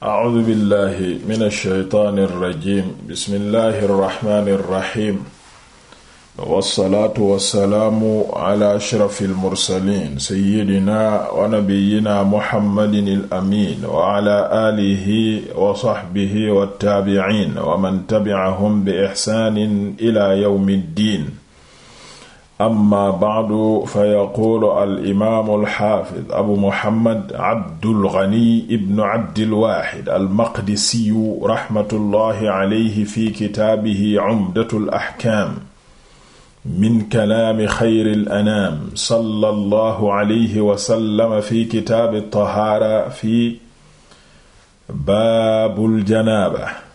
acudu billahi min alsheytaan alrajim bismillahi arrahmani irrahim wassalaatu wassalaamu ala ashrafi almursalin seyidina wa nabiyina muhammadin alamin wa ala aalihi wa saxbihi wattaabiciin wa man tabicahum bi ixsaanin ila yawmi ddin amma ba'du fa yaquulu al'imaamu alxaafid abu muhammad abdul ghani ibn abdil waaxid almaqdisiyu raxmatullahi alayhi fi kitaabihi cumdatul axkaam min kalaami xayril anaam sallallahu alayhi wa sallam fi kitaabi tahaara fi baabul janaaba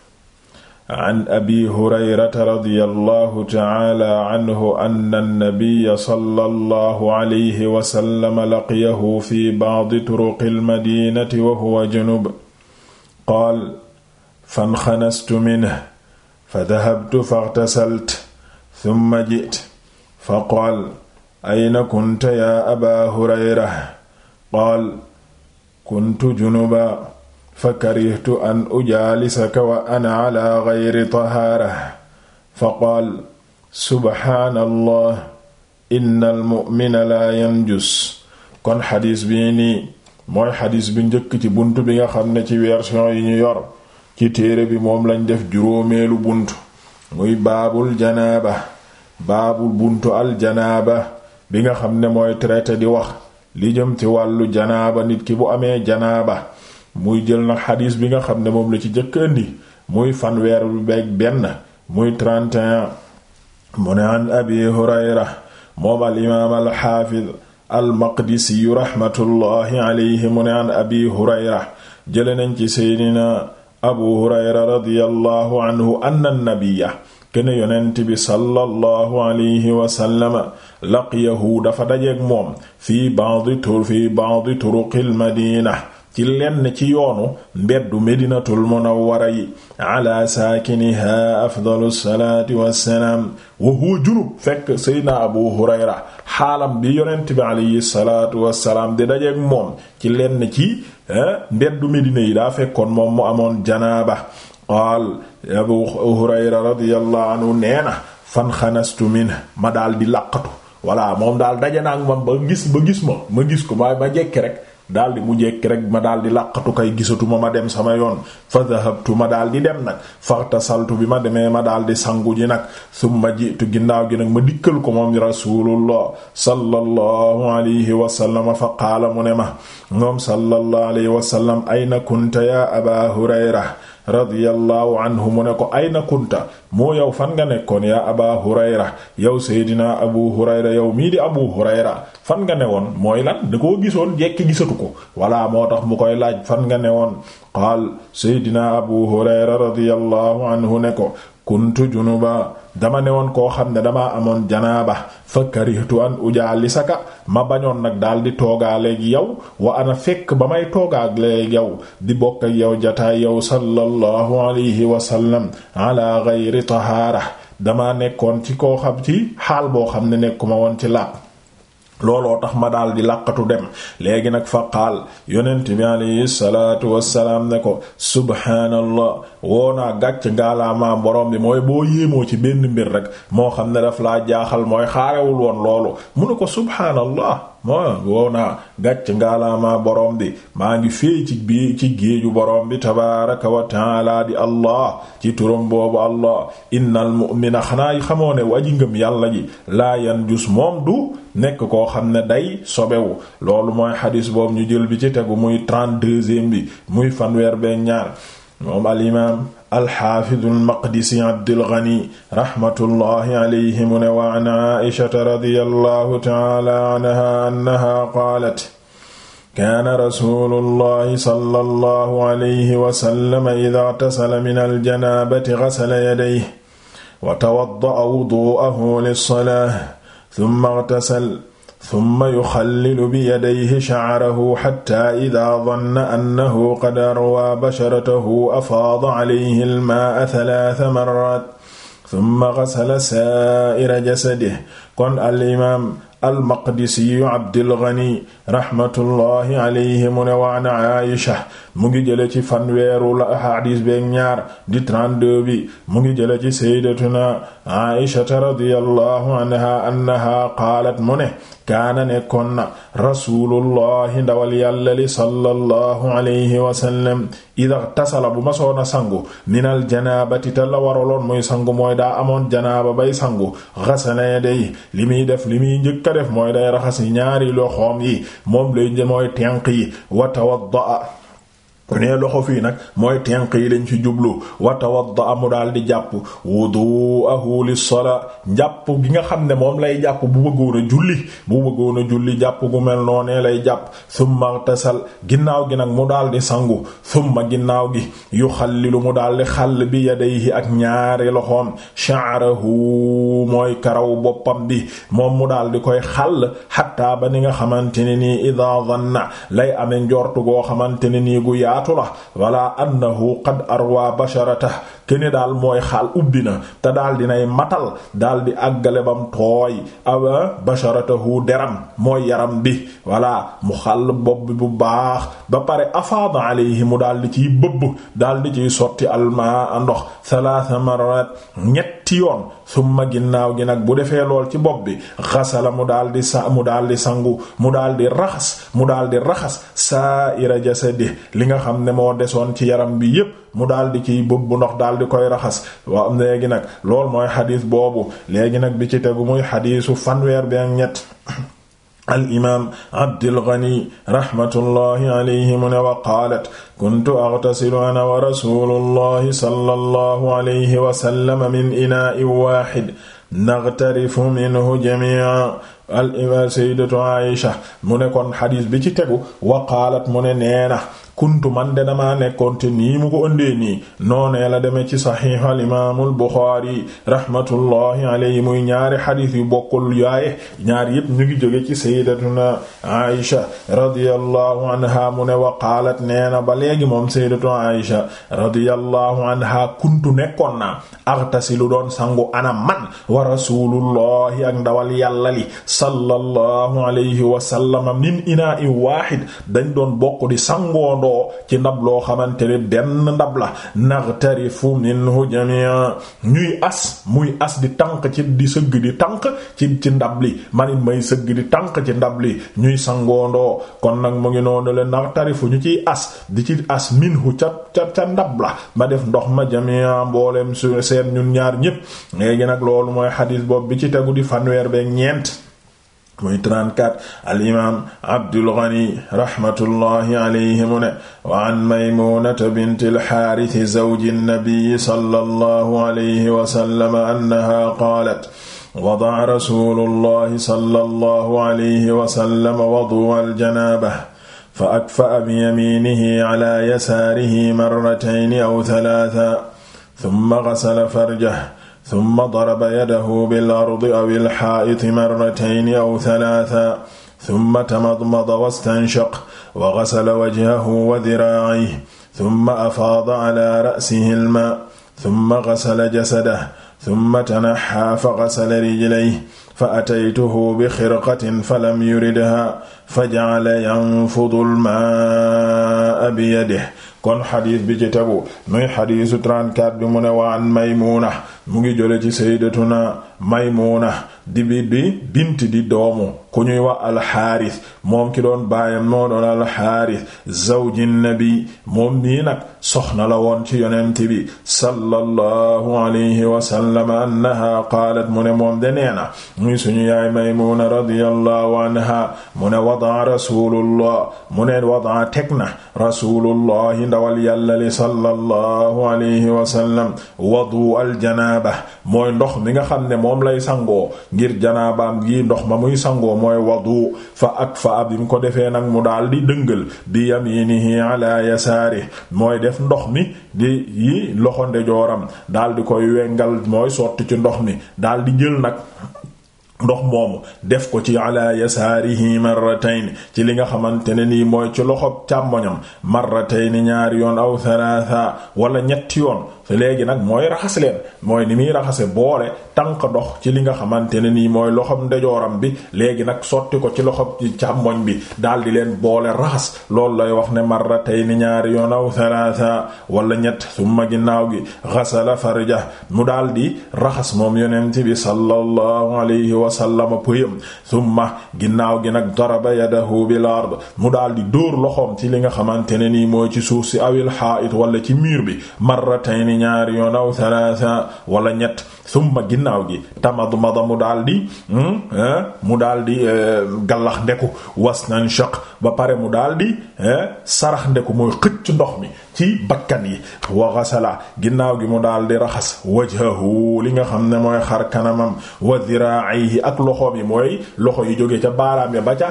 an abi hurayrata radiyallahu ta'ala anhu anna an-nabiyya sallallahu alayhi wa sallam laqiyahu fi ba'di turuqil madinati wa huwa junub qaala fanxanastu minhu fadahabtu faghtasaltu thumma ji'tu faqaala ayna kunta yaa abaa hurayra qaala kuntu junuban fa karihtu an ujaalisaka wa ana ala gayri tahaara fa qaal subhaanallah innal mu'mina laa yanjus kon xadis bii nii mooy xadis bi njëkk ci bunt bi nga xam ne ci version yi ñu yor ci téere bi moom lañ def juróomeelu bunt muy baabul janaaba baabul buntu al janaaba bi nga xam ne mooy traité di wax li jëm ci wàllu janaaba nit ki bu amee janaaba muy jël nag xadiis bi nga xam ne moom la ci jëkk indi muy fanweer bi beg benn muy 31 mu ne an abi hurayra moom al imaam al xaafid al maqdisi raxmatullaahi alayhi an abi hurayra jële nañ ci seydina abu hurayra radiyallahu anhu bi sallallahu alayhi wa sallama laqiyahu dafa dajeek moom fii ba'di tur fii ba'di ci lenn ci yoonu mbeddu medinatul munawwara yi ala wa junub fekk seydna abu hurayra xaalam bi yonent bi alayhi salaatu wassalaam di dajeek moom ci lenn ci eh, mbeddu medina yi daa fekkoon moom mu amoon janaaba qaal abu hurayra radiyallahu anhu nee na fan xanastu min ma daal di laqatu walla moom daal daje naa ak moom ba gis ba gis ma ma gis ko ma ma jekki rek daal di bu jekki rek ma daal di làqatu kay gisatuma ma dem sama yoon fa dhahabtu ma daal di dem nag saltu bi ma demee ma daal di sangu ji nag summa jiitu ginnaaw gi nag ma dikkal ko moom rasulullah sallallahu alayhi wa sallam fa qaala mu ne ma moom sallallahu alayhi wa sallam ayna kunta ya aba hurayra radiyallahu anhu mu ne ko ay na kunta moo yow fan nga nekkoon yaa aba hurayra yow seydina abu hurayra yow mii di abu hurayra fan nga ne woon mooy lan da koo gisoon jekki gisatu ko walla moo tax mu koy laaj fan nga ne woon qaal seydina abu hurayra radiyallahu ne ko kuntu junuba dama ne woon koo xam ne dama amoon janaaba fa karihtu an saka ma bañoon nag daal di toogaaleeg yow wa ana fekk ba may toogaaleeg yow di bokk ak yow jataay yow sallallahu alayhi wa sallam ala tahaara damaa nekkoon ci koo xam ci xaal boo xam ne nekkuma woon ci làpp looloo tax ma daal di làqatu dem léegi nag fa qaal yonent bi alayhi salaatu wassalaam ne ko subhaanallah woonaa gàcc ngaalaama borom bi mooy boo yéemoo ci benn mbir rek moo xam ne daf laa jaaxal mooy xaarewul woon loolu mu ne ko subhaanallah moo woonaa gàcc ngaalaama borom bi maa ngi féey ci bii ci géeju borom bi tabaraka wa taala di allah ci turam boobu allah innal mu'mina xanaa xamoo ne waji ngëm yàlla ji laa yan jus moom du nekk koo xam ne day sobewu loolu mooy xadis boobu ñu jël bi ci tegu muy trente-deuxième bi muy fanweer bee ñaar moom al imaam alxaafidu almaqdisi abdulgani raxmatullahi alayhi mu ne wa an aishata radiyallahu taala anha annaha qaalat kaana rasulullahi sallallahu alayhi wa sallam idaa tasala min aljanaabati gasala yadayhi wa tawadda'a wudu'ahu lis-salaati thumma ightasala thumma yuxallilu bi yadayhi sha'rahu hatta idha dhanna annahu qad arwa basharatahu afaada alayhi al-maa'a thalaatha marraat thumma ghasala saa'ira jasadihi kon al-imaam al-Maqdisiyu Abdul Ghani rahmatullahi alayhi mu ne wa 'an Aisha mu ngi jële ci fanweeru la hadis beeg ñaar di 32 bi mu ngi jële ci sayyidatuna aishata radiyallahu anha annaha qaalat mu ne kaana nekkoon na rasulullahi ndawal yàlla li sallallahu alayhi wasallam ida tasala bu ma soona sangu minal janaabati te la waraloon muy sangu mooy daa amoon janaaba bay sangu xasala day li muy def li muy njëkk a def mooy day raxas ñaari loxoom yi moom lay mooy tenq yi wa tawaddaa bu nee loxo fii nag mooy tenq yi lañ ci jublu wa tawadda amu daal di jàpp wudu'ahu lis-salaa jàpp gi nga xam ne moom lay jàpp bu bëggoon a julli bu bëggoon a julli jàpp gu mel noonee lay jàpp summa tasal ginnaaw gi nag mu daal di sangu summa ginnaaw gi yuxallilu mu daal di xàll bi yadayhi ak ñaari loxoom sha'rahu mooy karaw boppam bi moom mu daal di koy xàll hatta ba ni nga xamante ne nii idaa dhanna lay ame njortu goo xamante ne nii gu yaatu yaatu la wala annahu qad arwa basharatahu kene daal mooy xaal ubbi na te daal dinay matal daal di àggale bam tooy awa basharatahu deram mooy yaram bi wala mu xàll bopp bi bu baax ba pare afaada alayhi mu daal di ciy bëbb daal di ciy sotti almaa ndox salaasa marat ñett ñetti yoon summa ginnaaw gi nag bu defee lool ci bopp bi xasala mu daal di sa mu daal di sangu mu daal di raxas mu daldi raxas saa ira jasadi li nga xam ne moo desoon ci yaram bi yépp mu daal di ciy bëb bu ndox daal di koy raxas wa léegi nag lool mooy xadiis boobu léegi nag bi ci bu muy xadiisu fanweer bi ak ñett al imaam Abdul Ghani rahmatullahi alayhi mu ne wa qaalat kuntu aghtasilu ana wa rasuulullahi sallallahu alayhi wa sallam min inaa'in waahid naghtarifu minhu jamii'an al imaam sayyidatu Aisha mu ne kon xadiis bi ci tegu wa qaalat mu ne neena kuntu man de damaa nekkoon te nii mu ko ëndee nii noonee la demee ci saxiix al imaamul Buxaari rahmatullahi alayhi muy ñaari xadiis yu bokkul yaaye ñaar yépp ñu ngi jóge ci sayyidatuna Aisha radiyallahu anha mu ne wa qaalat nee na ba léegi moom sayyidatuna Aisha radiyallahu anha kuntu nekkoon naa aghtasilu doon sangu ana man wa rasulullahi ak ndawal yàlla li sallallahu alayhi wa min inaa i dañ doon bokk di sangoondoo tegaloo ci ndab loo xamante ne benn ndab la naghtarifu minhu jami'a ñuy as muy as di tànk ci di sëgg di tànk ci ci ndab li manit may sëgg di tànk ci ndab li ñuy sangoondoo kon nag mu ngi noonu le fu ñu ciy as di ci as minhu ca ca ca ndab la ma def ndox ma jami'a mboolem su seen ñun ñaar ñépp léegi nag loolu mooy xadiis bopp bi ci tegu di fanweer beek ñeent muy 34 al imaam Abdul Ghani rahmatullahi alayhi mu ne wa an Maymuunata binti al-Haarith zawji nabiyyi sallallahu alayhi wa sallam annahaa qaalat wada'a rasuulullahi sallallahu alayhi wa sallam wadu'a al-janaabah fa akfa'a biyamiinihi alaa yasaarihi marratayni aw thalaathan thumma ghasala farjahu tumma daraba yadahu bil ardi aw il xaa'iti marratayni aw talaata tumma tamadmada wastanshaq wa gasala wajhahu wa diraacihi tumma afaada calaa ra'sihi al-maa tumma gasala jasadahu tumma tanaxxaa fa gasala rijlayhi fa ataytuhu bi xirqatin falam yuridhaa fa jacala yanfudu al-maa'a biyadihi kon xadiis bi ci tegu muy xadiisu 34 bi mu ne waan Maymuna mu ngi jële ci sayyidatuna Maymuna di bi bint di doomu ku ñuy wax alxaaris moom ki doon baayam moo doon alxaaris zawji nabi moom nii nag soxna la woon ci yonent bi sallallahu alayhi wa sallam annaha qaalat mu ne moom de nee na muy suñu yaay maymuna radiyallahu anha mu ne wadaa rasulullah mu ne wadaa teg na rasulullah ndawal yàlla li sallallahu alayhi wa sallam wadu al janaaba mooy ndox mi nga xam ne moom lay sangoo ngir janaabaam gi ndox ma muy sangoo mooy wadu fa ak fa ab bi mu ko defee nag mu daal di dëngal bi yaminihi ala yasaari mooy def ndox mi di yi loxo ndejooram daal koy wengal mooy sotti ci ndox mi daal di jël nag ndox moomu def ko ci ala yasaarihi marratayn ci li nga xamante ne nii mooy ci loxo càmmoñam marratayn ñaari yoon aw thalatha wala ñetti yoon léegi nag mooy raxas leen mooy ni muy raxase boole tànk dox ci li nga xamante ne nii mooy loxoom ndejooram bi léegi nag sotti ko ci loxom ci càmmoñ bi daal di leen boole raxas loolu lay wax ne ni ñaari yoon aw thalatha wala ñett summa ginnaaw gi xasala farja mu daal di raxas moom yonent bi sallallahu alayhi wa sallam pëyam summa ginnaaw gi nag daraba yadahu bi ard mu daal di dóor loxoom ci li nga xamante ne nii mooy ci suuf si awil haa'it wala ci miir bi ñaar ñaari yoon aw salaasa wala ñett suma ginnaaw gi tamad mada mu daal di hmm, eh, mu daal di eh, gallax ndeku was nan shaq ba pare mu daal di eh, sarax ndeku mooy xëcc ndox mi ci bakkan yi wa ghasala ginnaaw gi mu daal di raxas wajhahu li nga xam ne mooy xar kanamam wa dhiraa'ihi ak loxoom yi mooy loxo yi jóge ca baaraam ya ba ca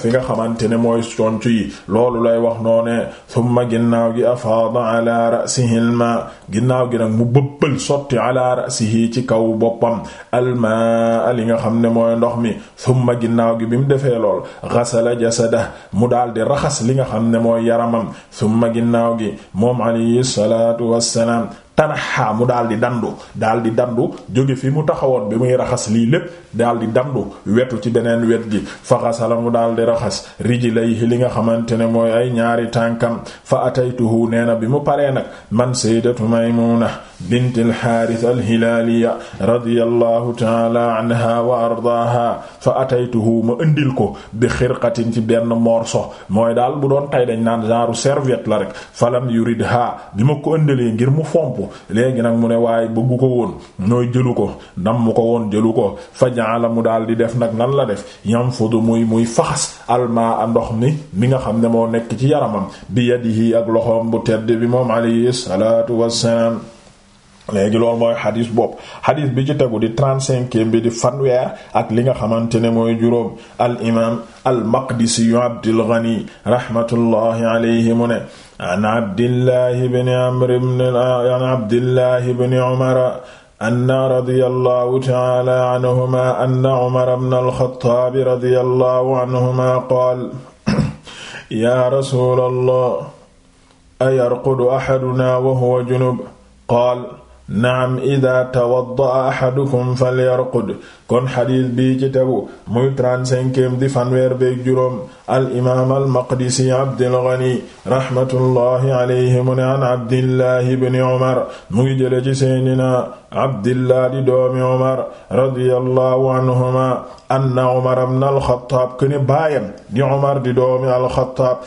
fi nga xamante ne mooy conc yi loolu lay wax noone thumma ginnaaw gi afaada ala ra'sihi alma ginnaaw gi nag mu bëbbal sotti ala ra'sihi ci kaw boppam alma li nga xam ne mooy ndox mi thumma ginnaaw gi bi mu defee lool ghasala jasada mu daal di raxas li nga xam ne mooy yaramam thumma ginnaaw gi bi moom alayhi salaatu wassalaam tanaxaa mu daal di dandu daldi di dandu jóge fi mu taxawoon bi muy raxas lii lépp daal di dandu wetu ci beneen wet gi fa xasala mu daal di raxas rijlayhi li nga xamante ne mooy ay ñaari tànkam fa ataytuhu nee na bi mu paree nag man sayyidatu Maymuna bint alxaaris alhilaaliya radiyallahu taala anha wa ardaaha fa ataytuhu ma ëndil ko bi xirqatin ci benn morso mooy daal bu doon tay dañ naan genre serviette la rek falam yuridha bi ma ko ëndalee ngir mu fomp léegi nag mu ne waaye bëggu ko woon nooy jëlu ko nam ko woon jëlu ko fa jaala mu daal di def nag nan la def yanfudu muy muy faxas almaa a ndox mi mi nga xam ne moo nekk ci yaramam bi yadihi ak loxoom bu tedd bi moom alayhi salaatu wassalaam léegi loolu mooy xadis bopp xadis bi ci tegu di trente-cinquième bi di fanweer ak li nga xamante ne mooy juróom al imaam al maqdisi yu abdil ghani rahmatullahi alayhi mu ne an abdillahi bni amr bni an abdillahi bni umar anna radiyallahu ta'ala anhuma anna umar ibn al-khattab radiyallahu anhuma qaal ya rasulallah ayarqudu ahaduna wa huwa junub qaal naam ida tawaddaa ahadukum falyarqud kon xadiis bii ci tegu muy 35eem di fanweer beeg juróom alimaam almaqdisi abdilgani rahmatullahi alayhi mu ne an abdillahi bni omar mu ngi jële ci seydina abdillah di doomi omar radiyallahu anhuma anna omar ibn alxattaab kene baayam di omar di doomi alxattaab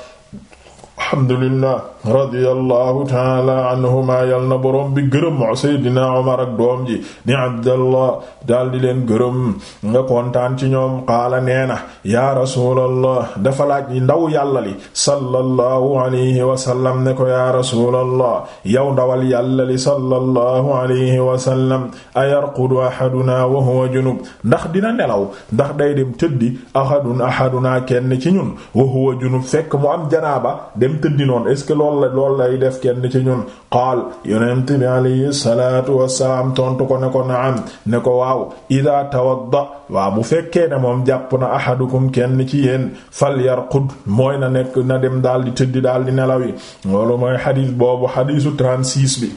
alhamdulillah radiyallahu taala anhuma yal na borom bi gërëm seydina Umar ak doom ji ni Abdallah daal di leen gërëm nga kontaan ci ñoom qaala nee na yaa rasulallah dafa laaj ndaw yàlla li sallallahu alayhi wa sallam ne ko yaa rasulallah yow ndawal yàlla li sallallahu alayhi wa sallam ayarqudu ahaduna wa huwa junub ndax dina nelaw ndax day dem tëddi ahadun ahaduna kenn ci ñun wa huwa junub fekk mu am janaaba dem tëddi noonu est lool la lool lay def kenn ci ñun qaal yonent bi alayhi salaatu wassalaam tontu ko ne ko naam ne ko waaw ida tawadda waa bu fekkee ne moom jàpp na ahadukum kenn ci yéen fal yarqud mooy na nekk na dem daal di tëddi daal di nelawi loolu mooy xadiis boobu xadiisu 36 bi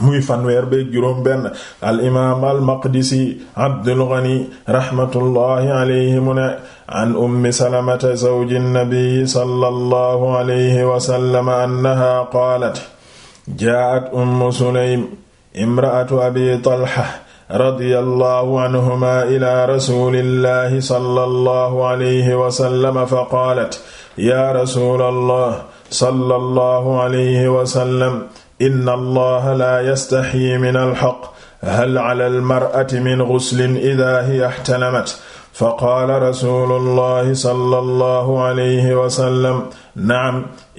muy fanweer beeg juróom benn al imaam al maqdisi abdul ghani rahmatullahi alayhi mu ne an ummi salamata zawji nabiyi sallallahu alayhi wa sallam annaha qaalat jaa'at ummu sulaym imra'atu abi talha radiyallahu anhuma ila rasulillahi sallallahu alayhi wa sallam faqaalat ya rasulallah sallallahu alayhi wa sallam inna allaha la yastaxyi min alxaq hal ala almar'ati min guslin ida hiya ixtalamat faqaala rasulullahi sallallahu alayhi wa sallam naam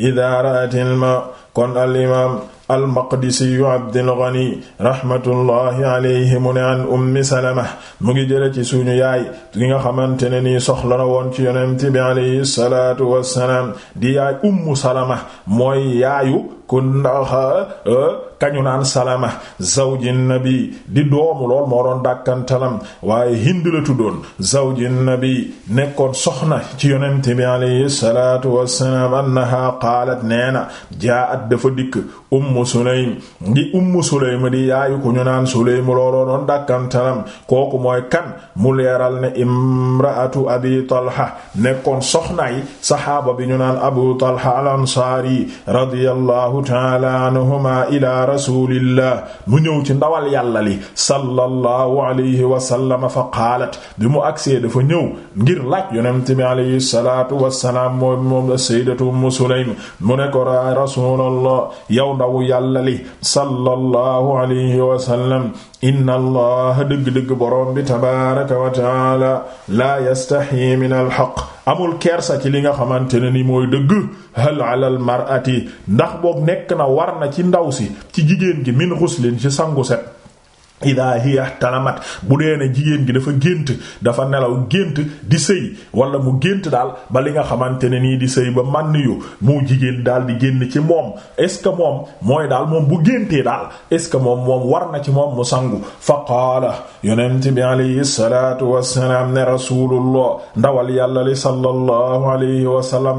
ida ra'at alma kon al imaam almaqdisiyu abdilgani rahmatullahi alayhi mu ne an ummi salama mu ngi jële ci suñu yaay li nga xamante ne nii soxla woon ci yonent bi alayhi salaatu wassalaam di yaay ummu salama mooy yaayu ku ndax ñu naan salama zawji nabi di doomu lool moo doon dàkkantalam waaye hind la tuddoon zawji nabi nekkoon soxna ci yonente bi alayhi salatu wassalaam annaha qaalat nee na jaat dafa dikk ummu sulaym ngi ummu sulaym di yaayu ko ñu naan sulaym looloo doon dàkkantalam kooku mooy kan mu leeral ne imraatu abi talha nekkoon soxna yi saxaaba bi ñu naan abu talha al radiyallahu ta'ala anhuma rasulillah mu ñëw ci ndawal yàlla li sallallahu alayhi wa sallam fa qaalat bi mu agsee dafa ñëw ngir laaj yonent bi alayhi salaatu wassalaam moom moom la sayyidatu Ummu Sulaym mu ne ko rasulallah yow ndaw yàlla li sallallahu alayhi wa sallam inna allah dëgg-dëgg boroom bi tabaaraka wa taala la yastahi min al haqq amul kersa ci li nga xamante ne ni mooy dëgg hal alal mar'ati ndax boog nekk na war na ci ndaw si ci jigéen gi min ghuslin ci sangu set ida hiya talamat bu dee ne jigéen gi dafa gént dafa nelaw gént di sëy wala mu gént daal ba li nga xamante ne nii di sëy ba mànn yu mu jigéen daal di génn ci moom est ce que moom mooy daal moom bu géntee daal est ce que moom moom war na ci moom mu sangu fa qaala yonent bi alayhi salatu wassalaam ne rasulullah ndawal yàlla li sallallahu alayhi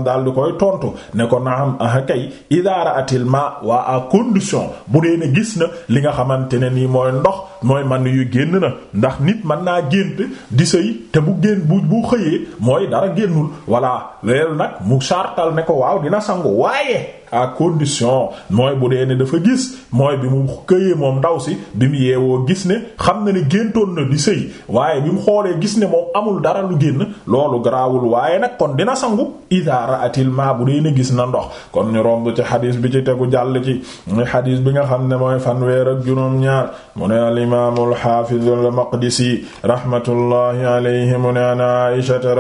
daal di koy tontu ne ko naam ah kay idaara atil ma waa à condition bu dee ne gis na li nga xamante ne nii mooy ndox mooy man yu génn na ndax nit mën naa gént di sëy te bu génn bu bu xëyee mooy dara génnul voilà léegi nag mu sartal ne ko waaw dina sangu waaye à condition mooy bu dee ne dafa gis mooy bi mu këyee moom ndaw si bi mu yeewoo gis ne xam na ne géntoon na di sëy waaye bi mu xoolee gis ne moom amul dara lu génn loolu garaawul waaye nag kon dina sangu idaa ra'atil maa bu dee ne gis na ndox kon ñu romb ci xadiis bi ci tegu jàll ci muy xadiis bi nga xam ne mooy fanweer ak juróom-ñaar mu ne al imaamu al xaafizu al maqdisi rahmatullahi alayhi mu ne an aishata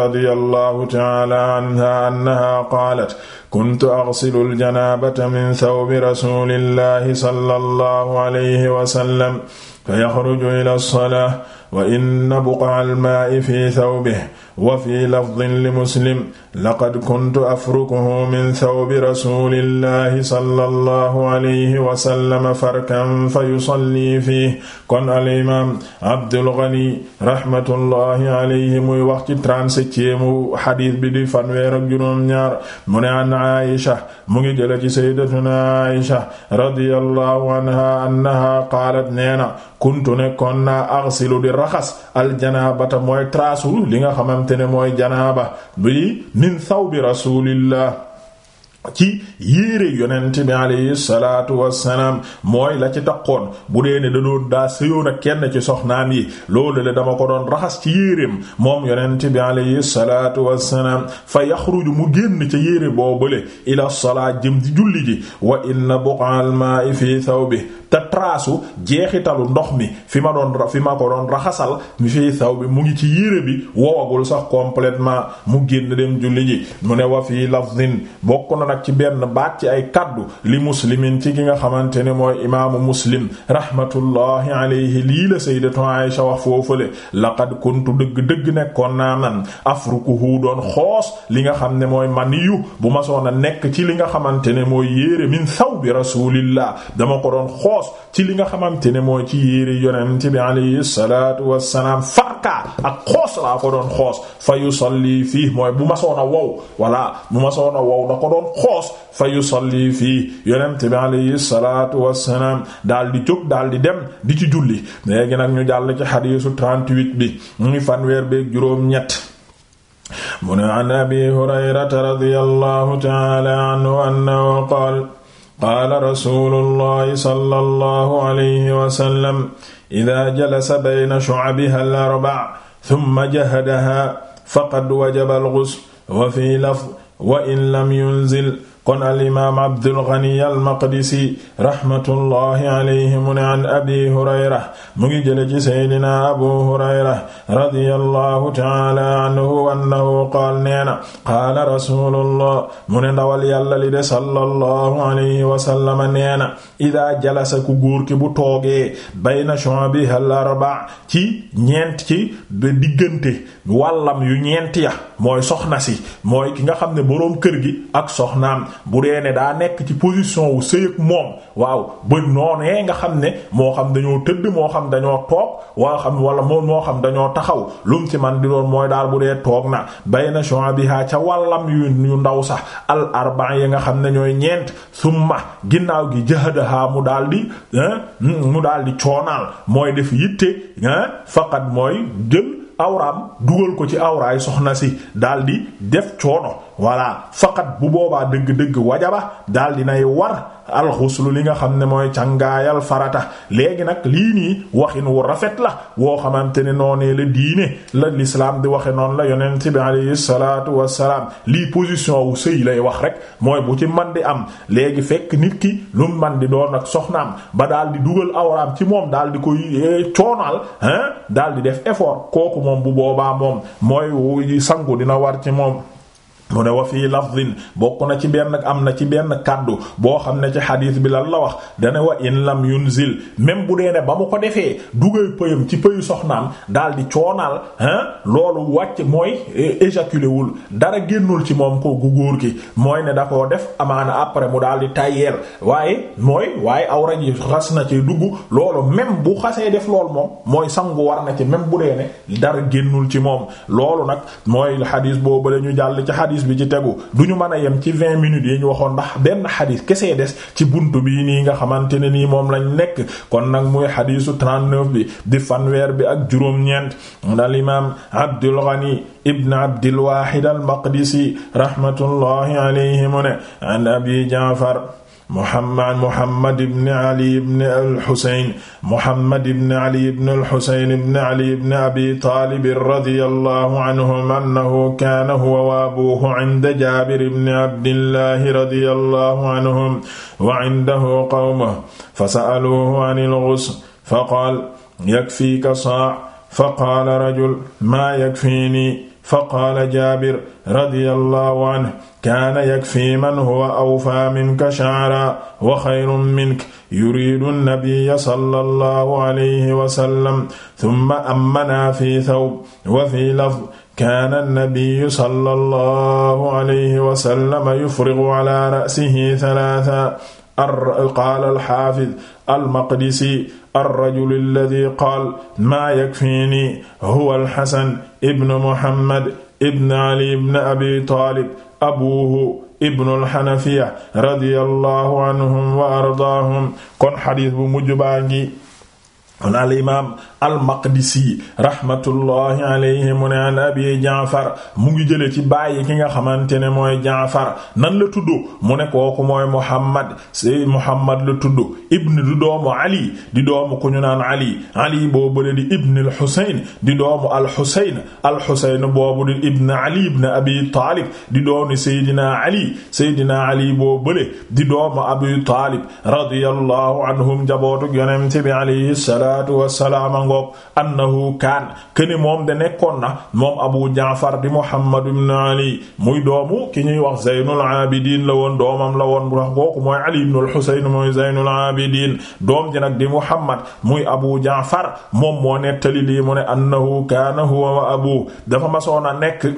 janaabata min thawbi rasulillahi sallallahu alayhi wa sallam fa yaxruju ila as-salaah wa inna buq'a al-maa'i fi thawbihi wa fi lafdin li muslim laqad kuntu afrukuhu min thawbi rasulillahi sallallahu alayhi wa sallam farkan fa yusalli fiihi kon al imaam Abdul Ghani rahmatullahi alayhi muy wax ci trente-septième xadiis bi di fanweer ak juróom-ñaar mu ne an Aisha mu ngi jële ci sayyidatuna Aisha radiyallahu anha annaha qaalat neena kuntu nekkoon naa aghsilu di raxas al janaabata mooy traasu li nga xamante xamante mooy janaaba bi min thawbi rasulillah ci yéere yonent bi alayhi salaatu wassalaam mooy la ci takkoon bu dee ne da doon daa sëyoon ak kenn ci soxnaam yi loolu le dama ko doon raxas ci yéereem moom yonent bi alayhi salaatu wassalaam fa yaxruju mu génn ca yéere boobale ila salaa jëm di julli ji wa inna buqa'al maa'i fi thawbi te traasu jeexitalu ndox mi fi ma doon fi ma raxasal mi fiy saw bi mu ngi ci yére bi wowagul sax completement mu génn dem julli ji mu ne wa fii lafdin bokk na nag ci benn baat ci ay kaddu li muslimin ci ki nga xamante ne mooy imaamu muslim rahmatullahi alayhi lii la sayyidatu Aisha wax foofale laqad kuntu dëgg-dëgg nekkoon naa man afrukuhu doon xoos li nga xam ne mooy maniyu bu ma soon a nekk ci li nga xamante ne mooy yére min saw bi rasulillah dama ko ci li nga xamante ne mooy ci yéeri yonent bi alayhi salaatu wassalaam farkaa ak xoos laa ko doon xoos fa yusalli fii mooy bu ma a wow walla bu ma a wow da ko doon xoos fa yusalli fii yonent bi alayhi salaatu wassalaam daal di jóg daal di dem di ci julli léegi nag ñu jàll ci xadiisu 38 bi muy fanweer beek juróom ñett mu ne an abi hurayrata radiyallahu ta'ala anhu annahu qaala qaala rasuulullahi sallallahu alayhi wa sallam idaa jalasa bayna shu'abiha al-arba'a thumma jahadaha faqad wajaba al-ghusl wa fii lafdh wa in lam yunzil kon al imaam Abdul Ghani al Maqdisi rahmatullahi alayhi mu ne an Abi Hurayra mu ngi jële ci Seydina Abu Hurayra radiyallahu ta'ala anhu annahu qaal neena qaala rasulullah mu ne ndawal yàlla li de sallallahu alayhi wa sallam neena idaa jalasa ku góor ki bu toogee bayna shu'abiha al arba' ci ñeent ci ba diggante wàllam yu ñeent ya mooy soxna si mooy ki nga xam ne boroom kër gi ak soxnaam bu dee ne daa nekk ci position wu sëyëg moom waaw ba noonee nga xam ne moo xam dañoo tëdd moo xam dañoo toog waa xam wala moom moo xam dañoo taxaw lum si man di doon mooy daal bu dee toog na bayna shu'abiha ca wàllam yu yu ndaw sax al arba'a yi nga xam ne ñooy ñeent summa ginnaaw gi jahadaha mu daal mu daal di coonaal mooy def yitte faqat mooy jël awraam dugal ko ci awraay soxna si daal di def coono voilà faqat bu boobaa dëgg-dëgg wajaba daal dinay war alxuslu li nga xam ne mooy cangaayal farata léegi nag lii nii waxin wu rafet la woo xamante ne noonee la diine la l'islam di waxe noonu la yonent bi alayhi salaatu wassalaam lii position wu sëy lay wax rek mooy bu ci man di am léegi fekk nit ki lu man di doon ak soxnaam ba daal di dugal awraam ci moom daal di koy eh, coonaal hein daal di def effort kooku moom bu boobaa moom mooy sangu dina war ci moom mu ne wa fii lafdin bokk na ci benn am na ci benn kàddu boo xam ne ci xadiis bi lan la wax dana wa in lam yunzil même bu dee ne ba mu ko defee dugay pëyam ci pëyu soxnaam daal di coonaal hein loolu wàcc mooy eh, éjaculé wul dara génnul ci moom ko gu góor gi mooy ne da koo def amaana après mu daal di tayyeel waaye mooy waaye awra ji xas na ci dugg loolu même bu xasee def loolu moom mooy sangu war na ci même bu dee ne dara génnul ci moom loolu nag mooy xadiis xadis bi ci tegu du ñu mën a yem ci vingt minutes yi ñu waxoon ndax benn xadis kese des ci bunt bii nii nga xamante ne nii moom lañ nekk kon nag muy xadisu 39 bi di fanweer bi ak juróom-ñeent al imaam Abdul Ghani ibn Abdil Wahid al Maqdisi rahmatullahi alayhi mu ne an Abi Ja'far Muhammad Muhammad ibn Ali ibn al-Husayn Muhammad ibn Ali ibn al-Husayn ibn Ali ibn Abi Talib radiyallahu anhum annahu kaana huwa wa abuhu inda Jaabir ibn Abdillah radiyallahu anhum wa indahu qawmuhu fasa'aluhu an al-ghusl faqaala yakfiika saa' faqaala rajul maa yakfiinii fa qaala jaabir radiyallahu anhu kaana yakfii man huwa awfaa minka sha'ran wa xayrun minka yuriidu nabiyya sallallahu alayhi wa sallam thumma ammanaa fii thawb wa fii lafz kaana nabiyyu sallallahu alayhi wa sallam yufrigu ala ra'sihi thalatha qaala alxaafid almaqdisi alrajul alladi qaal maa yakfiini huwa alxasan ibnu muhammad ibnu ali ibnu abi taalib abuuhu ibnu alxanafiya radiyallahu anhum wa ardaahum kon xadiis bu mujj baa ngi kon al imaam al maqdisi rahmatullahi alayhi mu ne an abi mu ngi jële ci bàyyi ki nga xamante ne mooy jaafar nan la tudd mu ne kooku mooy muhammad muhammad la tudd ibn di doomu ali di doomu ku ñu naan ali ali boobale di ibn al husayn di doomu al husayn al husayn boobu di ibn ali ibn abi taalib di doomu seydina ali seydina ali boobale di doomu abi taalib radiyallahu anhum jabootu yonent bi alayhi salaam waa wassalaama ngoog annahu kaan kene moom da nekkoon na moom abu jaafar di muhammad ibn ali muy doomu ki ñuy wax zeynul abidin la woon doomam la woon wax kooku mooy ali ibn al husayn mooy zeynul abidin doom ji nag di muhammad muy abu jaafar moom moo nettali lii mu ne annahu kaana huwa wa abu dafa masoona nekk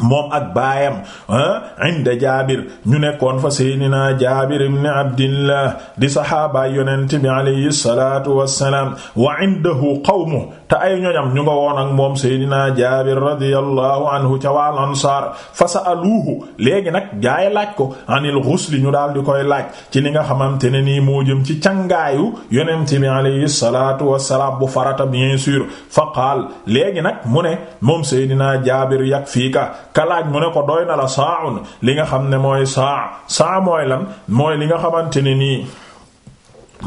moom ak baayam ah, inda jaabir ñu nekkoon fa seydina jaabir ibn abdillah di saxaabaay yonent bi alayhi salaatu wassalaam wa indahu qawmu te ay ñoñam ñu nga woon ak moom Seydina Jaabir radiyallahu anhu ca wal ansaar fa sa'aluhu léegi nag gaay laaj ko anil ghusl ñu daal di koy laaj ci li nga xamante ne nii moo jëm ci cangaayu yonent bi alayhi salaatu wassalaam bu farata bien sûr fa qaal léegi nag mu ne moom Seydina Jaabir yakfiika ka laaj mu ne ko doy na la saa'un li nga xam ne mooy saa saa mooy lan mooy li nga xamante ne nii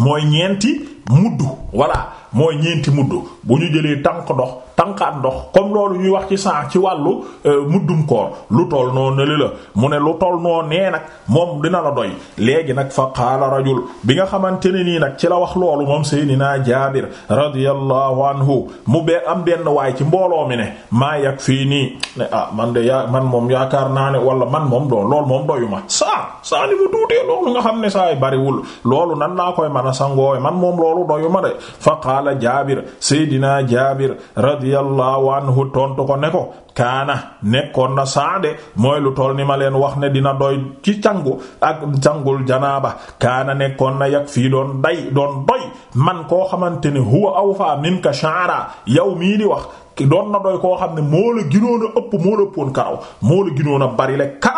mooy ñeenti muddu walla mooy ñeenti muddu bu ñu jëlee tànk ndox tànkaat ndox comme loolu ñuy wax ci sànq ci wàllu euh, muddum koor lu toll noonu ne mu ne lu toll noo nee nag moom dina la doy léegi nag fa rajul bi nga xamante ne nii nag ci la wax loolu moom Seydina Jaabir radiyallahu anhu mu be am benn waay ci mbooloo mi ne maa yàgg fii nii ne ah, man de yaa man moom yaakaar naa ne wala man moom doon loolu moom doyuma saa saa li mu tuutee loolu nga xam ne saa yi bariwul loolu nan laa koy mën a sangoowe man moom loolu doyuma de fa qaala Jaabir Seydina seydinaa jaabir radiyallahu anhu tontu ko ne ko kaana nekkoon na saade mooy lu toll ni ma leen wax ne dina doy ci cangu ak cangul janaaba kaana nekkoon na yag fii doon day doon doy man koo xamante ne huwa awfa minka sha'ra yow mii di wax doon na doy koo xam ne moo la ginoon a ëpp karaw moo la ginoon ka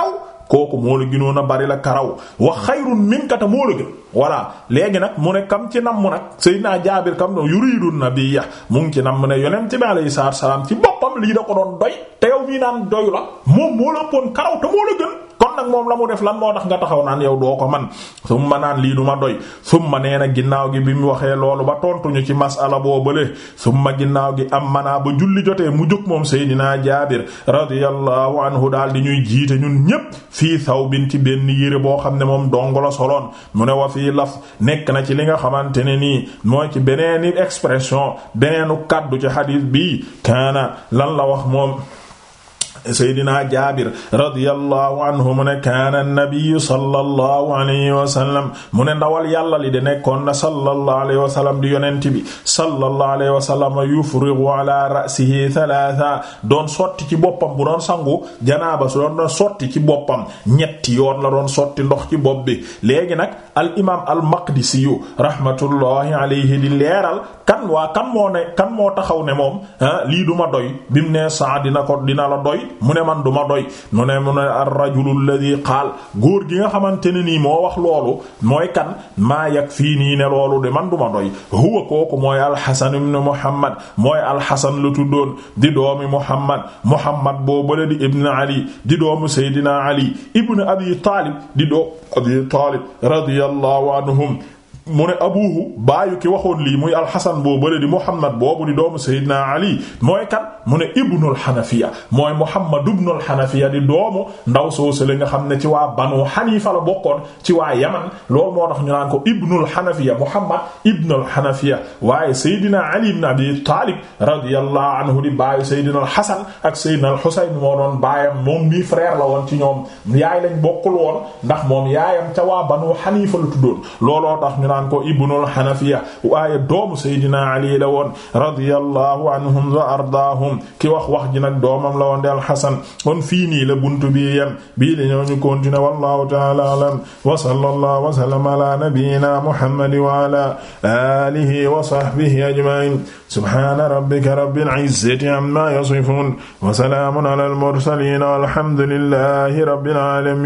kooku moo la gënoon a bari la karaw wa xayrun minka ta moo la gën voilà léegi nag mu ne kam ci nam mu nag Seydina Jaabir kam doon yuridu nabiyya mu ngi ci nam mu ne yonent bi alayhi salaam ci boppam lii da ko doon doy te yow mii naan doyu la moom moo la ëppoon karaw te moo la gën nag moom la mu def lan moo tax nga taxaw naan yow doo ko man summa naan lii du ma doy summa nee na ginnaaw gi bi mu waxee loolu ba tontuñu ci masala boobale summa ginnaaw gi am manaa ba julli jotee mu jóg moom Seydina Jaabir radiyallahu anhu daal di ñuy jiite ñun ñépp fii sawbin ci benn yére boo xam ne moom dong la soloon mu ne wa fii laf nekk na ci li nga xamante ne nii mooy ci beneeni expression beneenu kàddu ci xadiis bi kaana lan la wax moom Seydina Jaabir radiyallahu anhu mu ne kaana nabiyyu sallallahu alayhi wa sallam mu ne ndawal yàlla li de nekkoon na sallallahu alayhi wa sallam di yonent bi sallallahu alayhi wa sallam yufrigu ala ra'sihi thalatha doon sotti ci boppam bu doon sangu janaaba so doon sotti ci boppam ñetti yoon la doon sotti ndox ci bopp bi léegi nag al imaam al maqdisi rahmatullahi alayhi di leeral kan waa kan moo taxaw ne moom ah, lii du ma doy bim ne saa dina ko dina la doy mu ne man du ma doy mu ne mu ne ar-rajulu qaal góor gi nga xamante ne nii moo wax loolu mooy kan maa yakfiini ne loolu de man du ma doy huwa kooku mooy alxasan ibn muhammad mooy alxasan lu tuddoon di doomi muhammad muhammad boobale di ibn ali di doomu seydina ali ibn abi taalib di doomu abi taalib radiyallahu anhum mu ne abuhu baayu ki waxoon lii muy alxasan boo bële di muhammad boobu di doomu sayyidina ali mooy kan mu ne ibnul xanafiya mooy muhammad ibnul xanafiya di doomu ndaw soose la nga xam ne ci waa banu xanifa la bokkoon ci waa yaman loolu moo tax ñu naan ko ibnul xanafiya muhammad ibnul xanafiya waaye sayyidina ali ibn abi taalib radiyallahu anhu di baayu sayyidina alxasan ak sayyidina alxusayn moo doon baayam moom mi frère la woon ci ñoom yaay lañ bokkul woon ndax moom yaayam ca waa banu xanifa la tuddoon looloo tax ñu naan ko ibnul xanafiya waaye doomu Seydina Ali la woon radiyallahu anhum wa ardaahum ki wax wax ji nag doomam la woon di alxasan kon fii nii la buntu bi yem bii di ñëw ñu continuer wallahu ta'ala alam wa sallallahu wa sallama ala nabiyyina muhammad wa ala alihi wa sahbihi ajma'in subhana rabbika rabbil izzati amma yasifun wa salamun ala al mursalin walhamdulillahi rabbil alamin